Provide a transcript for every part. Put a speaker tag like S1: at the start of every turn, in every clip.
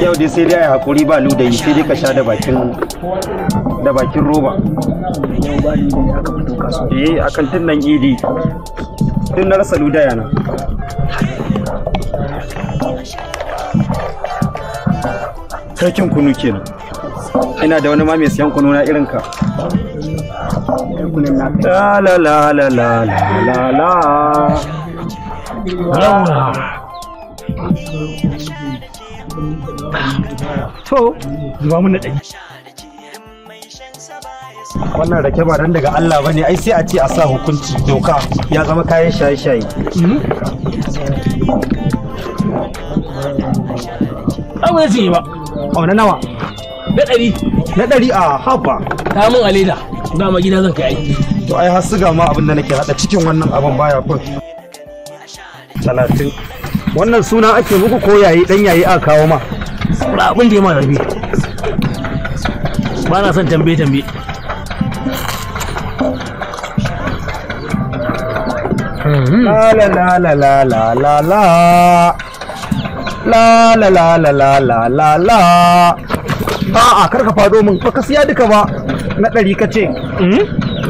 S1: yau dai sai dai a hakuri ba yi sai dai ka sha da bakin da bakin roba eh a kan idi tun na rasa ludaya na sarkin kunu kenan ina da wani ma mai siyan kunu na irin ka la la la la la la la To, zuba mun da Wannan rake ba dan daga Allah bane ai sai a ce a sa hukunci doka ya zama kayan shaye-shaye. Abu ya ce ba. A wani nawa? Na ɗari. Na ɗari a haba. Ta mun a leda. Dama gida zan kai aiki. To ai har siga ma abin da nake haɗa cikin wannan abin baya kun. Talatin. Wannan suna ake muku ko yayi dan yayi a kawo ma. ba abin da ya ma zafi ba na son tambaye tambaye la la la la la la la la la la la la la la la la a'a kar ka fado min ba ka siya duka ba na ɗari ka ce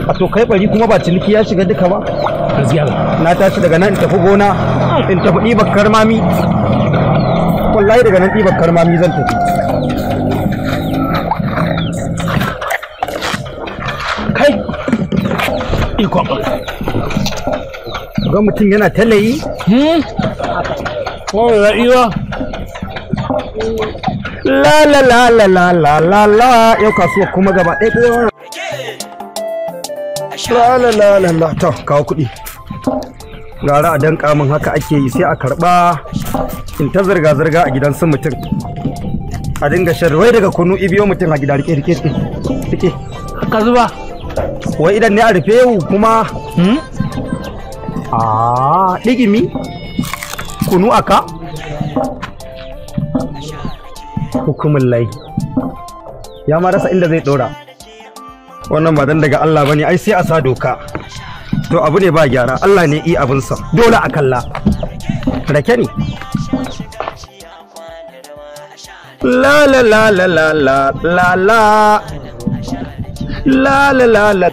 S1: a to kai bari kuma ba ciniki ya shiga duka ba na tashi daga nan in tafi gona in tafi ɗibar karmami wallahi daga nan ɗibar karmami zan tafi kai ikon ga mutum yana talayi? Hmm? ya iya la la la la la la la la yau kasuwa kuma gaba ɗaya ɗaya la la la la la ta kawo kuɗi gara a danka min haka ake yi sai a karba in ta zirga-zirga a gidan sun mutum a dinga sharwai daga kunu ibiyo mutum a gida rike rike rike ka zuba wai idan ne a rufe yau kuma hmm? a mi. kunu aka hukumin lai ya ma rasa inda zai dora wannan ba dan daga Allah bane ai sai a sa doka to abu ne ba gyara Allah ne abin abinsa dole a kalla rake ne la la la la la la la la la la la la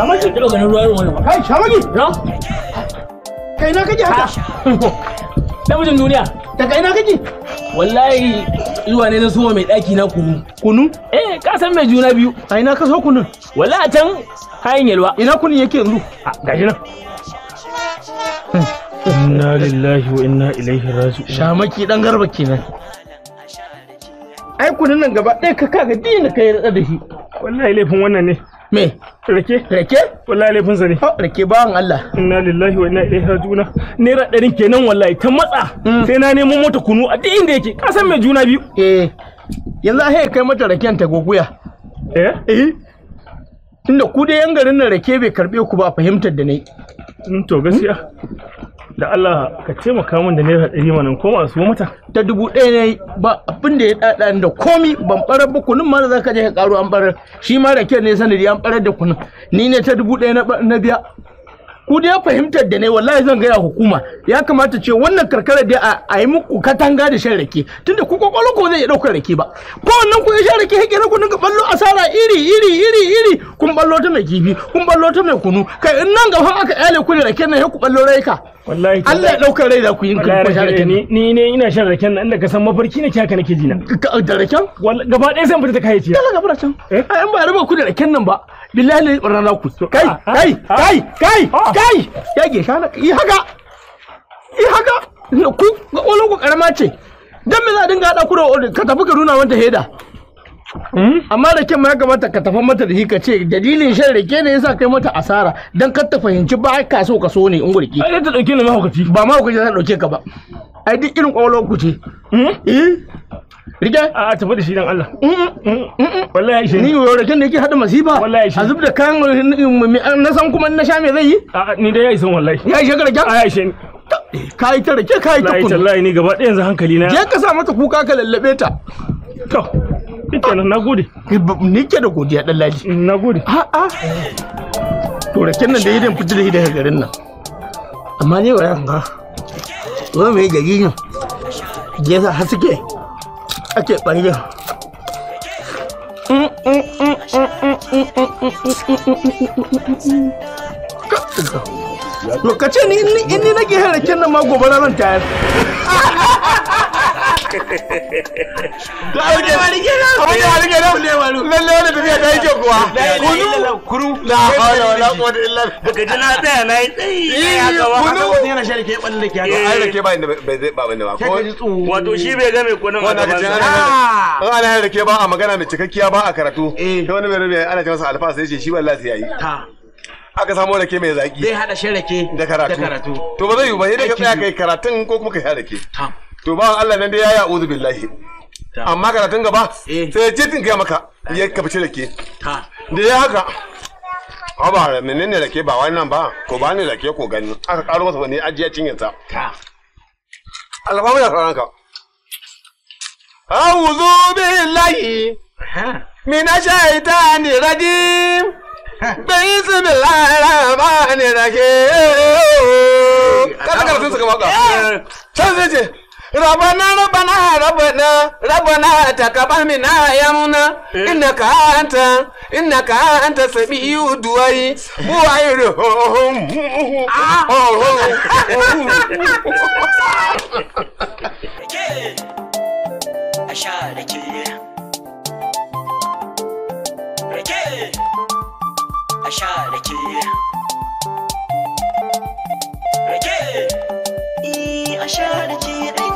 S2: shamaki kira ganin ruwa irin wannan ba kai shamaki na kai na kaje haka namijin duniya ta kai na kaje wallahi zuwa ne na so mai daki na kunu kunu eh ka san mai juna biyu a ina ka so kunun wallahi a can kayan yalwa ina kunun yake yanzu a gashi nan inna lillahi wa inna ilaihi raji'un shamaki dan garba kenan ai kunun nan gaba ɗaya ka kaga dina kai rada da shi wallahi laifin wannan ne me rake rake wallahi laifin sa ne oh, rake bawan Allah inna lillahi wa inna ilaihi raji'un naira ɗari kenan wallahi ta matsa hmm. sai na nemo mota kunu a duk inda yake kasan mai juna biyu eh yanzu a kai mata raken ta goguya eh eh tunda ku da yan garin nan rake bai karbe ku ba fahimtar da nai hmm, to gaskiya hmm. da Allah ka ce maka min da naira ɗari manan ko masu mata da dubu ɗaya ne ba abin da ya ɗaɗa da komi ban ɓarar ba kunun ma da za ka je ka ƙaru an ɓarar shi ma da ne sanadi an ɓarar da kunun ni ne ta dubu ɗaya na biya ku dai fahimtar da ne wallahi zan gaya hukuma ya kamata ce wannan karkara dai a yi muku katanga da shan rake tunda ku kwakwalwa ko zai ɗaukar rake ba ko wannan ku ya shan rake hake ku dinga ballo asara iri iri iri iri kun ballo ta mai kifi kun ballo ta mai kunu kai in nan gaba aka yale ku da rake nan ku ballo raika wallahi Allah ya ɗaukar rai da ku yin kun shan rake ni ne ina shan rake nan inda ka san mafarki nake haka nake jina da raken gaba ɗaya zan fita ta kai ciya Allah gaba da can eh? ai an ba raba ku da rake nan ba billahi rana ku kai kai kai kai yayi yage shana yi haka yi haka ku ga ƙwallon ku ƙarama ce don me za a dinga haɗa ku da ka tafi ka nuna wata heda hmm? amma da kyan ya gabata ka tafa mata da shi ka ce dalilin shan rake ne yasa kai mata asara dan kar ta fahimci ba ka so ka so ne in gurki ai ta dauke ni mahaukaci ba mahaukaci ta dauke ka ba ai duk irin ƙwallon ku ce hmm? eh rike a tafi da shi dan Allah mm, mm, mm, wallahi shi ni yorakin da yake hada masifa wallahi shi zub da kayan na san kuma na sha me zai yi ni da ya isa wallahi ya shi ka rike a ya shi. ni ka yi ta rike ka yi ta kunu tallahi ni gaba ɗaya yanzu hankali na je ka sa mata kuka ka lallabe ta to ike na gode. ni ke da godiya dan laji gode. a a to raken nan da idan fita da idan garin nan amma ne wa yanka zo mai gari ne je sa haske ake ɓangin I'm ni in ni nake harakin nan ma gobe ran get da ake wani kenan ruwa kunu kunu la hawla wala quwwata illa billah kaji na tsaya na tsayi ya ga wa kunu yana shari ke balle eh. ke ga ai rake ba ba bai zai ba bane ba ko wato shi bai ga mai kunun ba kaji ana ah! ana rake ba a magana mai cikakkiya ba a karatu eh. sai wani bai rubuta ana ce masa alfa sai ce shi wallahi sai yayi aka samu rake mai zaki zai hada sharake da karatu to ba zai yi ba sai da ka tsaya kai karatun ko kuma ka sha rake to ba Allah nan dai ya ya'udhu billahi amma tun gaba eh. sai tun kai maka ya kafce da ke da ya haka Haba menene da ke ba wannan ba ko ba ne da ke ko gani aka karo masa wani ajiya cinye ta alfamu karan ka a'udhu billahi ash-shaytani rajim bismillahir rahmanir rahim eh, kada karatun suka maka eh. can zai ce ربنا ربنا ربنا ربنا تقبل منا يا منا انك انت انك انت سميع الدعاء وعيرهم
S1: Rage, a sha da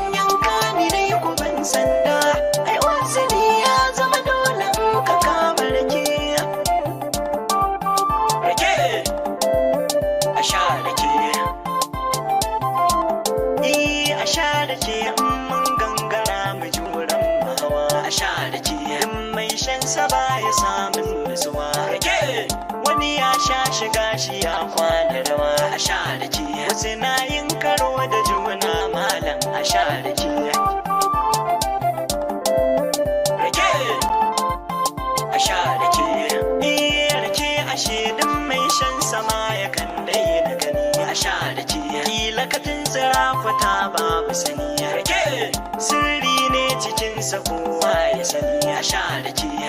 S2: kansa baya samun nutsuwa wani ya sha shiga shi ya kwana rawa a sha da ke wasu na yin karo da juna malam a sha da ke rake a din mai shan sama ya kan dai gani babu sani sirri ne cikinsa kowa ya sani a sha da ke